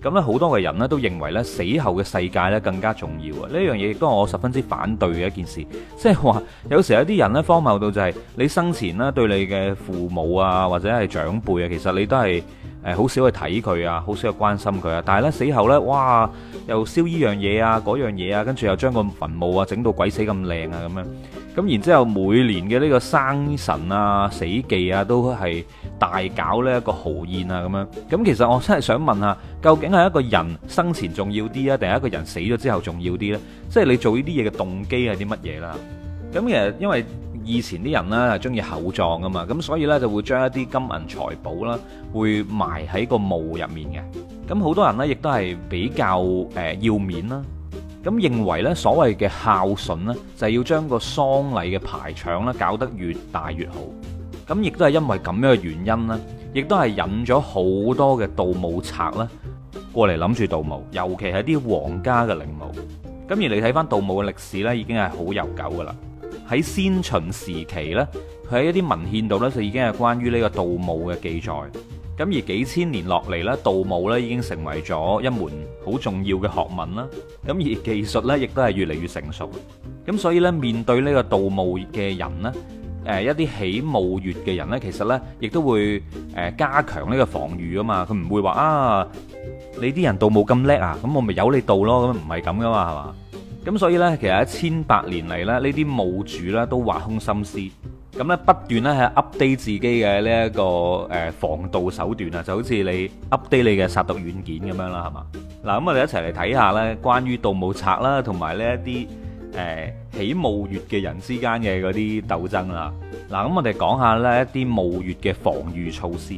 咁咧好多嘅人呢，都認為呢，死後嘅世界呢，更加重要啊！呢樣嘢亦都係我十分之反對嘅一件事，即係話有時有啲人呢，荒謬到就係你生前呢，對你嘅父母啊或者係長輩啊，其實你都係。誒，好少去睇佢啊，好少去關心佢啊，但係呢死後呢，哇，又燒呢樣嘢啊，嗰樣嘢啊，跟住又將個墳墓啊整到鬼死咁靚啊，咁樣，咁然之後每年嘅呢個生辰啊、死忌啊，都係大搞呢一個豪宴啊，咁樣，咁其實我真係想問下，究竟係一個人生前重要啲啊，定係一個人死咗之後重要啲呢？即係你做呢啲嘢嘅動機係啲乜嘢啦？咁其實因為。以前啲人呢，就中意厚葬啊嘛，咁所以呢，就會將一啲金銀財寶啦，會埋喺個墓入面嘅。咁好多人呢，亦都係比較誒要面啦。咁認為呢，所謂嘅孝順呢，就係要將個喪禮嘅排場咧，搞得越大越好。咁亦都係因為咁樣嘅原因咧，亦都係引咗好多嘅盜墓賊啦，過嚟諗住盜墓。尤其係啲皇家嘅陵墓。咁而你睇翻盜墓嘅歷史呢，已經係好悠久噶啦。喺先秦時期呢，佢喺一啲文獻度呢，就已經係關於呢個盜墓嘅記載。咁而幾千年落嚟呢，盜墓呢，已經成為咗一門好重要嘅學問啦。咁而技術呢，亦都係越嚟越成熟。咁所以呢，面對呢個盜墓嘅人呢，誒一啲起墓穴嘅人呢，其實呢，亦都會誒加強呢個防禦啊嘛。佢唔會話啊，你啲人盜墓咁叻啊，咁我咪由你盜咯。咁唔係咁噶嘛，係嘛？咁所以呢，其實喺千百年嚟咧，呢啲墓主呢都挖空心思，咁呢，不斷呢係 update 自己嘅呢一個呃、防盜手段啊，就好似你 update 你嘅殺毒軟件咁樣啦，係嘛？嗱，咁我哋一齊嚟睇下呢關於盜墓賊啦，同埋呢一啲、呃、起墓穴嘅人之間嘅嗰啲鬥爭啦。嗱，咁我哋講下呢一啲墓穴嘅防禦措施。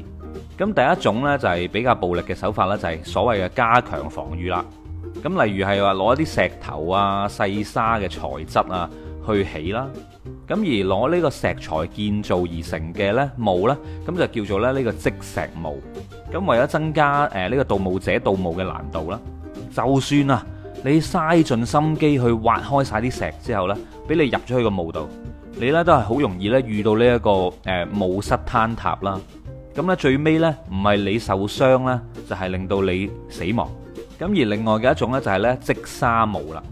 咁第一種呢就係比較暴力嘅手法呢就係所謂嘅加強防禦啦。咁例如係話攞一啲石頭啊、細沙嘅材質啊去起啦，咁而攞呢個石材建造而成嘅咧墓咧，咁就叫做咧呢個積石墓。咁為咗增加誒呢個盜墓者盜墓嘅難度啦，就算啊你嘥盡心機去挖開晒啲石之後咧，俾你入咗去個墓度，你咧都係好容易咧遇到呢一個誒墓室坍塌啦。咁咧最尾咧唔係你受傷咧，就係令到你死亡。咁而另外嘅一種咧就係咧積沙墓啦，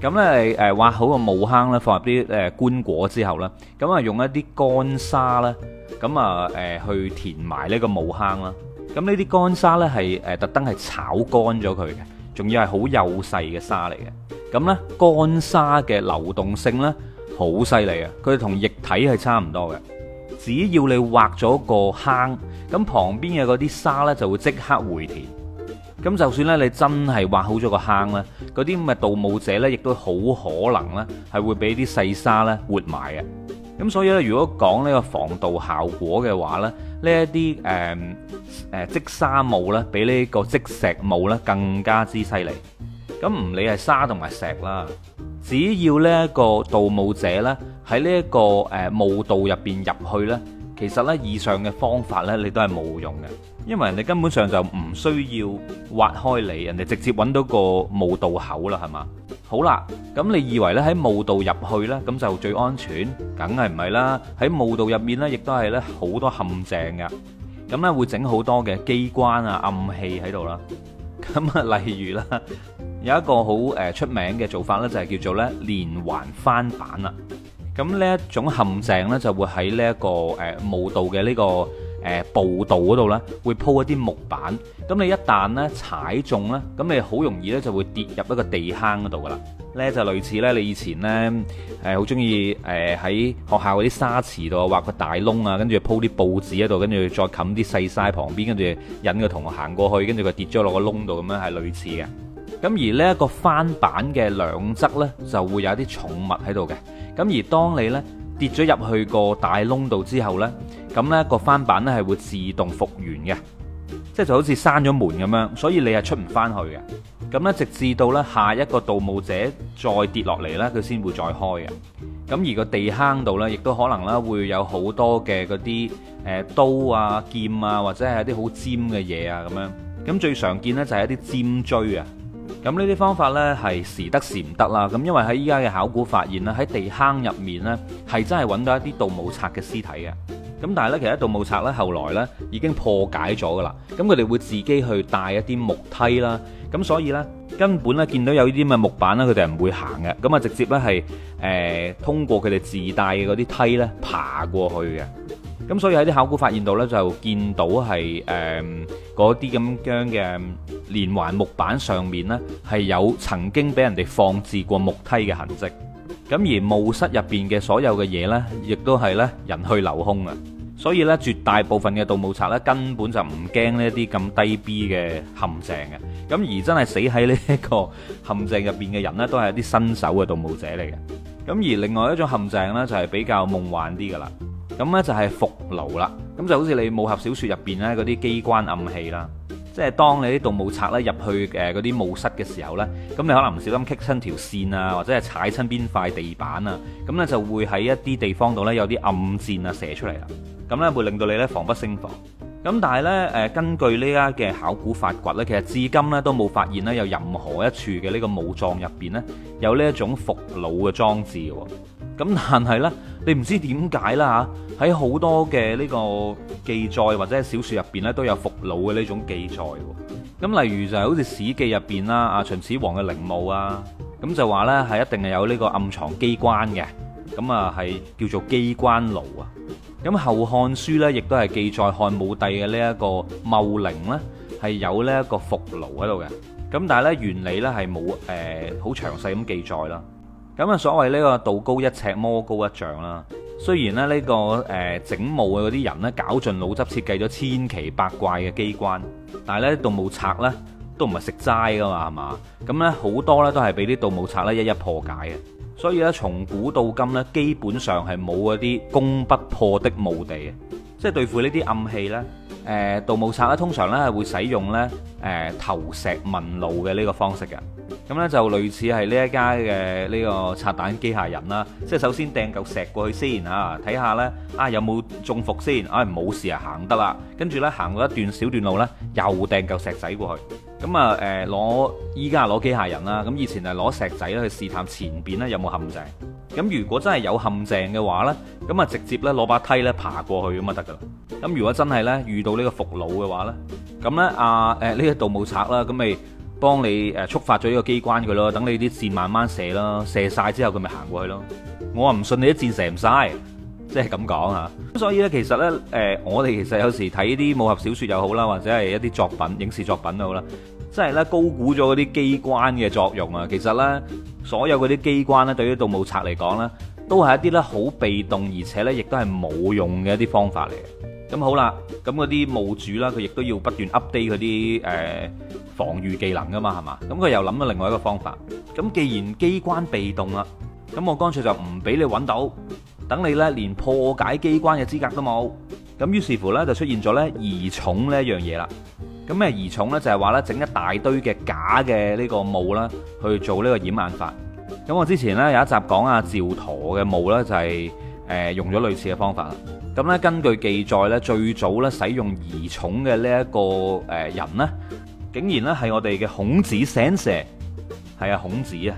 咁咧誒挖好個墓坑咧，放入啲誒棺槨之後咧，咁啊用一啲乾沙咧，咁啊誒去填埋呢個墓坑啦。咁呢啲乾沙咧係誒特登係炒乾咗佢嘅，仲要係好幼細嘅沙嚟嘅。咁咧乾沙嘅流動性咧好犀利呀，佢同液體係差唔多嘅。只要你挖咗個坑，咁旁邊嘅嗰啲沙咧就會即刻回填。咁就算咧，你真係挖好咗個坑咧，嗰啲咁嘅盜墓者咧，亦都好可能咧，係會俾啲細沙咧活埋嘅。咁所以咧，如果講呢個防盜效果嘅話咧，呢一啲誒誒積沙墓咧，比呢個積石墓咧更加之犀利。咁唔理係沙同埋石啦，只要呢一個盜墓者咧喺呢一個誒墓道入邊入去咧。其實呢以上嘅方法呢你都係冇用嘅，因為你根本上就唔需要挖開嚟，人哋直接揾到個墓道口啦，係嘛？好啦，咁你以為呢喺墓道入去呢，咁就最安全，梗係唔係啦？喺墓道入面呢，亦都係呢好多陷阱嘅，咁呢會整好多嘅機關啊、暗器喺度啦。咁啊，例如啦，有一個好、呃、出名嘅做法呢，就係、是、叫做呢連環翻板啦。咁呢一種陷阱呢，就會喺呢一個誒、呃、墓道嘅呢、呢個誒、呃、步道嗰度呢，會鋪一啲木板。咁你一旦呢踩中呢，咁你好容易呢就會跌入一個地坑嗰度噶啦。呢就類似呢，你以前呢，好中意喺學校嗰啲沙池度挖個大窿啊，跟住鋪啲報紙喺度，跟住再冚啲細沙旁邊，跟住引個同學行過去，跟住佢跌咗落個窿度咁樣，係類似嘅。咁而呢一個翻板嘅兩側呢，就會有一啲重物喺度嘅。咁而當你呢跌咗入去個大窿度之後呢，咁呢個翻板呢係會自動復原嘅，即係就好似閂咗門咁樣，所以你係出唔翻去嘅。咁呢，直至到呢下一個盜墓者再跌落嚟呢，佢先會再開嘅。咁而個地坑度呢，亦都可能呢會有好多嘅嗰啲誒刀啊、劍啊，或者係一啲好尖嘅嘢啊咁樣。咁最常見呢，就係一啲尖錐啊。咁呢啲方法呢，係時得時唔得啦。咁因為喺依家嘅考古發現呢，喺地坑入面呢，係真係揾到一啲盜墓賊嘅屍體嘅。咁但係呢，其實盜墓賊呢，後來呢已經破解咗噶啦。咁佢哋會自己去帶一啲木梯啦。咁所以呢，根本呢，見到有呢啲咁嘅木板呢，佢哋係唔會行嘅。咁啊直接呢，係、呃、通過佢哋自帶嘅嗰啲梯呢，爬過去嘅。咁所以喺啲考古發現度咧，就見到係誒嗰啲咁樣嘅連環木板上面咧，係有曾經俾人哋放置過木梯嘅痕跡。咁而墓室入邊嘅所有嘅嘢咧，亦都係咧人去樓空啊。所以咧，絕大部分嘅盜墓賊咧，根本就唔驚呢一啲咁低 B 嘅陷阱嘅。咁而真係死喺呢一個陷阱入邊嘅人咧，都係啲新手嘅盜墓者嚟嘅。咁而另外一種陷阱咧，就係比較夢幻啲㗎喇。咁呢就係伏弩啦，咁就好似你武俠小說入面呢嗰啲機關暗器啦，即係當你啲盜墓賊呢入去誒嗰啲墓室嘅時候呢，咁你可能唔小心棘親條線啊，或者係踩親邊塊地板啊，咁呢就會喺一啲地方度呢有啲暗箭啊射出嚟啦，咁呢會令到你呢防不勝防。咁但係呢，誒根據呢家嘅考古發掘呢，其實至今呢都冇發現呢有任何一處嘅呢個墓葬入面呢，有呢一種伏弩嘅裝置喎。咁但係咧，你唔知點解啦吓，喺好多嘅呢個記載或者小説入邊咧，都有伏弩嘅呢種記載。咁例如就係好似《史記》入邊啦，啊秦始皇嘅陵墓啊，咁就話咧係一定係有呢個暗藏機關嘅，咁啊係叫做機關弩啊。咁《後漢書》咧亦都係記載漢武帝嘅呢一個茂陵咧係有呢一個伏弩喺度嘅，咁但係咧原理咧係冇誒好詳細咁記載啦。咁啊，所謂呢個道高一尺，魔高一丈啦。雖然咧、這、呢個誒、呃、整墓嘅嗰啲人呢，絞盡腦汁設計咗千奇百怪嘅機關，但係呢盜墓賊呢，都唔係食齋噶嘛，係嘛？咁呢好多呢，都係俾啲盜墓賊呢一一破解嘅。所以呢，從古到今呢，基本上係冇嗰啲攻不破的墓地的，即、就、係、是、對付呢啲暗器呢，誒盜墓賊呢，通常呢係會使用呢誒、呃、投石問路嘅呢個方式嘅。咁呢就類似係呢一家嘅呢個拆彈機械人啦，即係首先掟嚿石過去先啊，睇下呢，啊有冇中伏先，唉、哎、冇事啊行得啦，跟住呢，行過一段小段路呢，又掟嚿石仔過去，咁啊誒攞依家攞機械人啦，咁以前係攞石仔去試探前面呢有冇陷阱，咁如果真係有陷阱嘅話呢，咁啊直接呢攞把梯咧爬過去咁就得噶啦，咁如果真係呢，遇到呢個伏弩嘅話呢，咁呢，啊誒呢個盜墓賊啦，咁咪～幫你誒觸發咗呢個機關佢咯，等你啲箭慢慢射咯，射晒之後佢咪行過去咯。我啊唔信你啲箭射唔晒，即係咁講啊。咁所以呢，其實呢，誒，我哋其實有時睇啲武俠小説又好啦，或者係一啲作品、影視作品都好啦，即係呢高估咗嗰啲機關嘅作用啊。其實呢，所有嗰啲機關呢，對於盜墓賊嚟講呢，都係一啲呢好被動而且呢亦都係冇用嘅一啲方法嚟。咁好啦，咁嗰啲墓主啦，佢亦都要不斷 update 嗰啲防禦技能噶嘛，係嘛？咁佢又諗咗另外一個方法。咁既然機關被動啦，咁我乾脆就唔俾你揾到，等你呢連破解機關嘅資格都冇。咁於是乎呢，就出現咗呢疑冢呢一樣嘢啦。咁咩疑冢呢？就係話呢整一大堆嘅假嘅呢個墓啦，去做呢個掩眼法。咁我之前呢，有一集講阿趙佗嘅墓呢，就係用咗類似嘅方法啦。咁咧，根據記載咧，最早咧使用疑冢嘅呢一個誒人咧，竟然咧係我哋嘅孔子醒蛇，係啊孔子啊。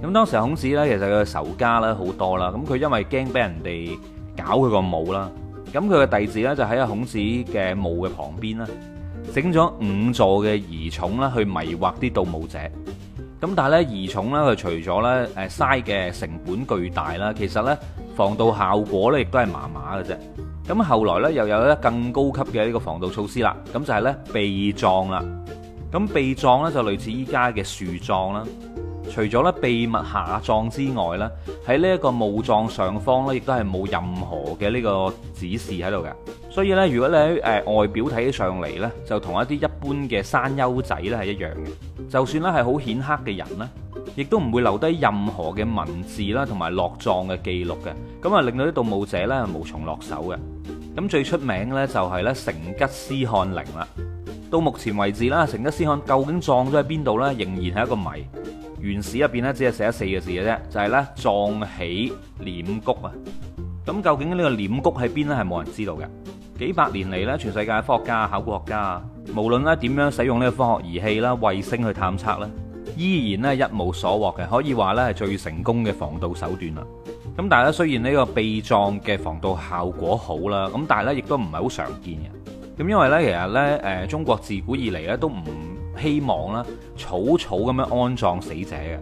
咁當時孔子咧，其實佢仇家咧好多啦。咁佢因為驚俾人哋搞佢個墓啦，咁佢嘅弟子咧就喺孔子嘅墓嘅旁邊咧，整咗五座嘅疑冢啦，去迷惑啲盜墓者。咁但係呢，疑冢呢，佢除咗呢誒嘥嘅成本巨大啦，其實呢，防盜效果呢亦都係麻麻嘅啫。咁後來呢，又有咧更高級嘅呢個防盜措施啦。咁就係、是、呢，壁葬啦。咁壁葬呢，就類似依家嘅樹葬啦。除咗咧秘密下葬之外咧，喺呢一個墓葬上方咧，亦都係冇任何嘅呢個指示喺度嘅。所以咧，如果你喺誒外表睇起上嚟咧，就同一啲一般嘅山丘仔咧係一樣嘅。就算咧係好顯赫嘅人咧，亦都唔會留低任何嘅文字啦，同埋落葬嘅記錄嘅。咁啊，令到啲盜墓者咧無從落手嘅。咁最出名咧就係咧成吉思汗陵啦。到目前為止啦，成吉思汗究竟葬咗喺邊度咧，仍然係一個謎。元史入邊咧，只係寫咗四個字嘅啫，就係咧葬起輦谷啊！咁究竟呢個輦谷喺邊呢？係冇人知道嘅。幾百年嚟呢，全世界科學家、考古學家，無論咧點樣使用呢個科學儀器啦、衛星去探測呢，依然呢一無所獲嘅。可以話呢係最成功嘅防盜手段啦。咁但係咧，雖然呢個被葬嘅防盜效果好啦，咁但係咧亦都唔係好常見嘅。咁因為呢，其實呢，誒中國自古以嚟呢都唔。希望啦，草草咁樣安葬死者嘅，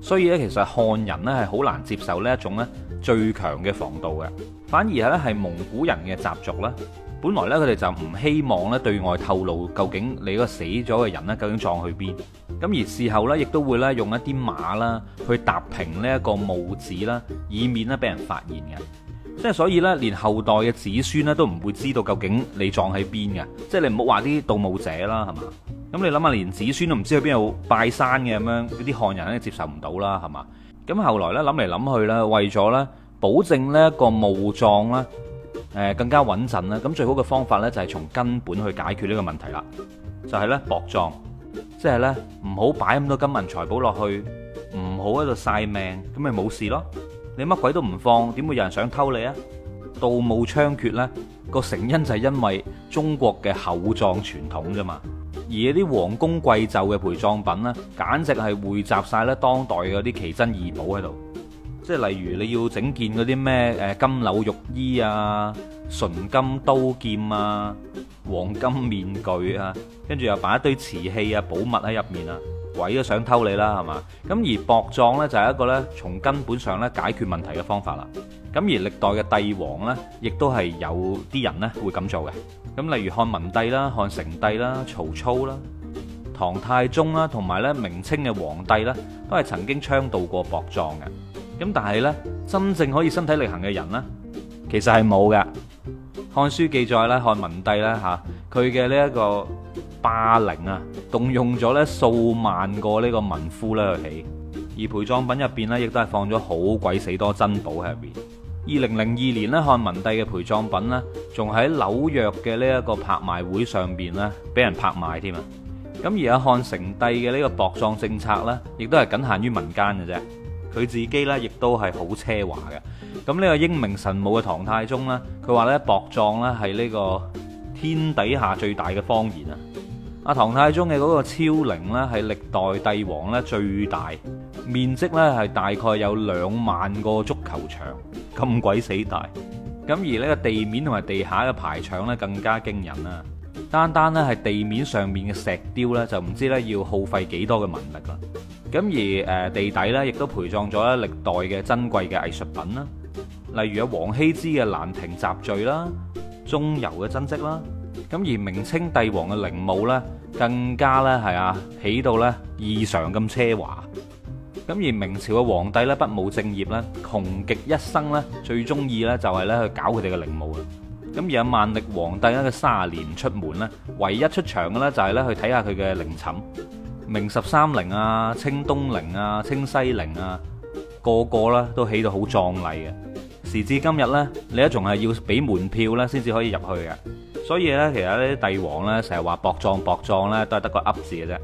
所以咧，其實漢人咧係好難接受呢一種咧最強嘅防盜嘅，反而係咧係蒙古人嘅習俗啦。本來咧，佢哋就唔希望咧對外透露究竟你嗰個死咗嘅人咧究竟葬去邊，咁而事後咧亦都會咧用一啲馬啦去踏平呢一個墓址啦，以免咧俾人發現嘅。即係所以咧，連後代嘅子孫咧都唔會知道究竟你葬喺邊嘅。即係你唔好話啲盜墓者啦，係嘛？咁你諗下，連子孫都唔知去邊度拜山嘅，咁樣，嗰啲漢人咧接受唔到啦，係嘛？咁後來咧諗嚟諗去咧，為咗咧保證呢一個墓葬咧，誒更加穩陣咧，咁最好嘅方法咧就係從根本去解決呢個問題啦，就係咧薄葬，即係咧唔好擺咁多金銀財寶落去，唔好喺度曬命，咁咪冇事咯。你乜鬼都唔放，點會有人想偷你啊？盜墓猖獗呢個成因就係因為中國嘅厚葬傳統啫嘛。而一啲王公貴胄嘅陪葬品呢，簡直係匯集晒咧當代嗰啲奇珍異寶喺度。即係例如你要整件嗰啲咩誒金縷玉衣啊、純金刀劍啊、黃金面具啊，跟住又擺一堆瓷器啊寶物喺入面啊，鬼都想偷你啦，係嘛？咁而薄葬呢，就係一個呢，從根本上呢解決問題嘅方法啦。咁而歷代嘅帝王呢，亦都係有啲人呢會咁做嘅。咁例如漢文帝啦、漢成帝啦、曹操啦、唐太宗啦，同埋咧明清嘅皇帝咧，都係曾經倡導過薄葬嘅。咁但係呢，真正可以身體力行嘅人呢，其實係冇嘅。漢書記載咧，漢文帝咧吓佢嘅呢一個霸陵啊，動用咗呢數萬個呢個民夫咧去起，而陪葬品入面呢，亦都係放咗好鬼死多珍寶喺入面。二零零二年咧，漢文帝嘅陪葬品咧，仲喺紐約嘅呢一個拍賣會上邊咧，俾人拍賣添啊！咁而家漢成帝嘅呢個薄葬政策呢，亦都係僅限於民間嘅啫。佢自己呢，亦都係好奢華嘅。咁呢個英明神武嘅唐太宗呢，佢話呢，薄葬咧係呢個天底下最大嘅謊言啊！阿唐太宗嘅嗰個昭陵呢，係歷代帝王咧最大面積，呢係大概有兩萬個足球場，咁鬼死大。咁而呢個地面同埋地下嘅排場呢，更加驚人啦。單單呢係地面上面嘅石雕呢，就唔知呢要耗費幾多嘅文力啦。咁而誒地底呢，亦都陪葬咗歷代嘅珍貴嘅藝術品啦，例如有王羲之嘅蘭亭集序啦，鍾繇嘅真跡啦。咁而明清帝王嘅陵墓咧，更加咧係啊，起到咧異常咁奢華。咁而明朝嘅皇帝咧，不務正業咧，窮極一生咧最中意咧就係咧去搞佢哋嘅陵墓啊。咁而阿萬曆皇帝咧佢卅年出門咧，唯一出場嘅咧就係咧去睇下佢嘅陵寢，明十三陵啊、清東陵啊、清西陵啊，個個咧都起到好壯麗嘅。時至今日呢，你都仲係要俾門票咧，先至可以入去嘅。所以呢，其實呢啲帝王呢，成日話薄葬薄葬呢，都係得個噏字嘅啫。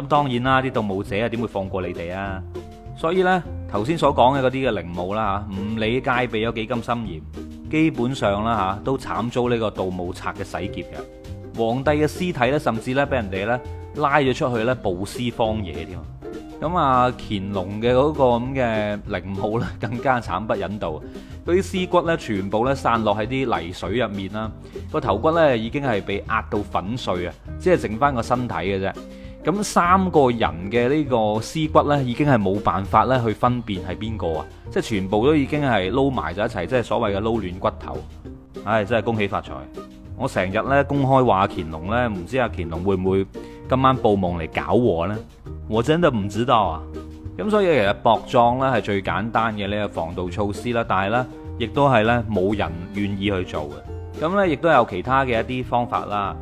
咁當然啦，啲盜墓者啊，點會放過你哋啊？所以呢，頭先所講嘅嗰啲嘅陵墓啦，吓，唔理戒備咗幾咁森嚴，基本上啦吓，都慘遭呢個盜墓賊嘅洗劫嘅。皇帝嘅屍體呢，甚至呢，俾人哋呢，拉咗出去呢，曝屍荒野添。咁啊，乾隆嘅嗰個咁嘅陵墓呢，更加慘不忍睹。嗰啲屍骨咧，全部咧散落喺啲泥水入面啦。個頭骨咧已經係被壓到粉碎啊，只係剩翻個身體嘅啫。咁三個人嘅呢個屍骨咧，已經係冇辦法咧去分辨係邊個啊，即係全部都已經係撈埋咗一齊，即係所謂嘅撈亂骨頭。唉、哎，真係恭喜發財！我成日咧公開話、啊、乾隆咧，唔知阿、啊、乾隆會唔會今晚報夢嚟搞我呢？我真都唔知道啊！咁所以其實薄葬呢係最簡單嘅呢個防盜措施啦，但係呢，亦都係呢冇人願意去做嘅。咁呢，亦都有其他嘅一啲方法啦，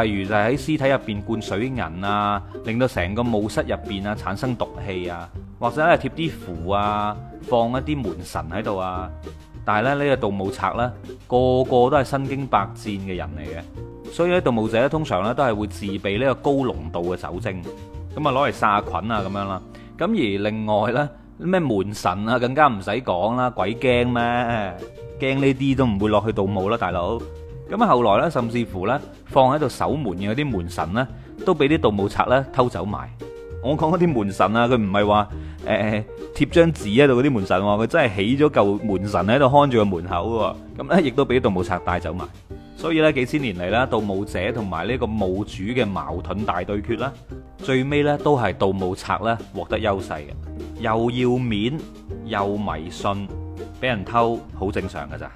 例如就喺屍體入邊灌水銀啊，令到成個墓室入邊啊產生毒氣啊，或者呢貼啲符啊，放一啲門神喺度啊。但係咧呢個盜墓賊呢，個個都係身經百戰嘅人嚟嘅，所以呢，盜墓者呢，通常呢都係會自備呢個高濃度嘅酒精，咁啊攞嚟殺菌啊咁樣啦。咁而另外呢，咩門神啊，更加唔使講啦，鬼驚咩？驚呢啲都唔會落去盜墓啦，大佬。咁啊，後來呢，甚至乎呢，放喺度守門嘅嗰啲門神呢，都俾啲盜墓賊呢偷走埋。我講嗰啲門神啊，佢唔係話誒貼張紙喺度嗰啲門神喎，佢真係起咗嚿門神喺度看住個門口喎。咁咧，亦都俾盜墓賊帶走埋。所以咧，幾千年嚟啦，盜墓者同埋呢個墓主嘅矛盾大對決啦，最尾呢都係盜墓賊呢獲得優勢嘅，又要面又迷信，俾人偷好正常㗎咋。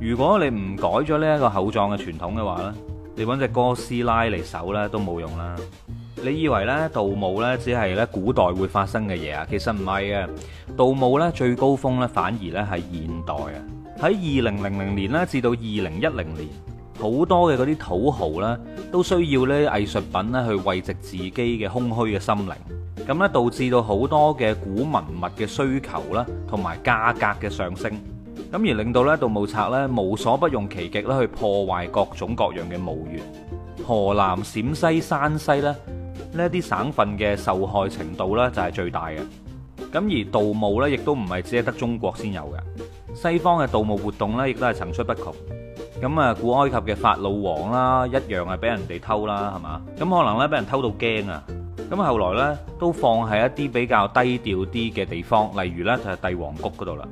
如果你唔改咗呢一個厚葬嘅傳統嘅話呢，你揾隻哥斯拉嚟守呢都冇用啦。你以為呢盜墓呢只係呢古代會發生嘅嘢啊？其實唔係嘅，盜墓呢最高峰呢，反而呢係現代啊。喺二零零零年呢至到二零一零年。好多嘅嗰啲土豪咧，都需要咧藝術品咧去慰藉自己嘅空虛嘅心靈，咁咧導致到好多嘅古文物嘅需求啦，同埋價格嘅上升，咁而令到咧盜墓賊咧無所不用其極咧去破壞各種各樣嘅墓穴。河南、陝西、山西咧呢一啲省份嘅受害程度咧就係最大嘅。咁而盜墓咧亦都唔係只係得中國先有嘅，西方嘅盜墓活動咧亦都係層出不窮。咁啊，古埃及嘅法老王啦，一樣係俾人哋偷啦，係嘛？咁可能咧，俾人偷到驚啊！咁後來咧，都放喺一啲比較低調啲嘅地方，例如咧就係帝王谷嗰度啦。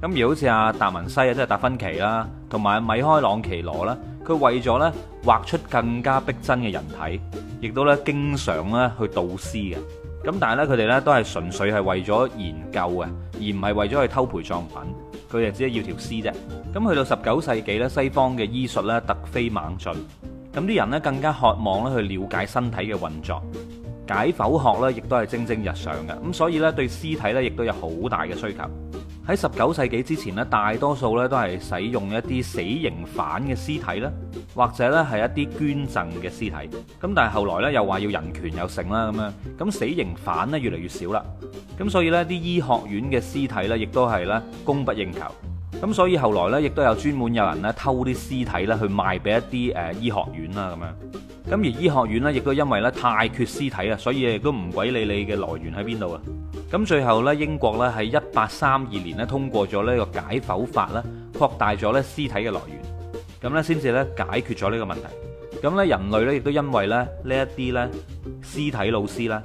咁而好似阿達文西啊，即係達芬奇啦，同埋米開朗奇羅啦，佢為咗咧畫出更加逼真嘅人體，亦都咧經常咧去盜屍嘅。咁但係咧，佢哋咧都係純粹係為咗研究嘅，而唔係為咗去偷陪葬品。佢哋只係要一條屍啫。咁去到十九世紀咧，西方嘅醫術咧突飛猛進，咁啲人咧更加渴望咧去了解身體嘅運作，解剖學咧亦都係蒸蒸日上嘅。咁所以咧對屍體咧亦都有好大嘅需求。喺十九世紀之前咧，大多數咧都係使用一啲死刑犯嘅屍體啦，或者咧係一啲捐贈嘅屍體。咁但係後來咧又話要人權有成啦，咁樣咁死刑犯咧越嚟越少啦，咁所以呢啲醫學院嘅屍體咧亦都係咧供不應求。咁所以後來呢，亦都有專門有人咧偷啲屍體去賣俾一啲誒醫學院啦咁樣。咁而醫學院呢，亦都因為咧太缺屍體啊，所以亦都唔鬼理你嘅來源喺邊度啊！咁最後呢，英國咧喺一八三二年呢通過咗呢個解剖法啦，擴大咗咧屍體嘅來源，咁呢先至呢解決咗呢個問題。咁呢人類呢亦都因為咧呢一啲呢屍體老師呢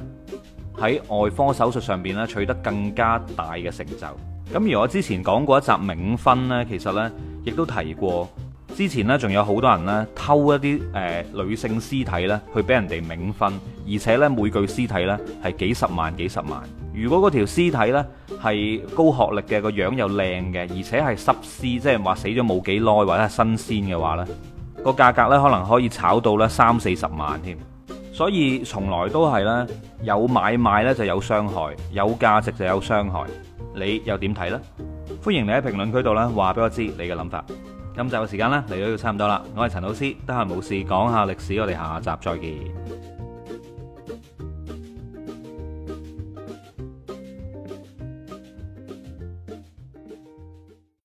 喺外科手術上邊呢取得更加大嘅成就。咁而我之前講過一集冥婚呢，其實呢亦都提過，之前呢仲有好多人呢偷一啲誒女性屍體呢去俾人哋冥婚，而且呢每具屍體呢係幾十萬幾十萬。如果嗰條屍體呢係高學歷嘅，個樣又靚嘅，而且係濕屍，即係話死咗冇幾耐或者係新鮮嘅話呢，個價格呢可能可以炒到呢三四十萬添。所以從來都係呢：有買賣呢就有傷害，有價值就有傷害。你又點睇呢？歡迎你喺評論區度呢話俾我知你嘅諗法。今集嘅時間呢，嚟到差唔多啦，我係陳老師，得閒冇事講下歷史，我哋下集再見。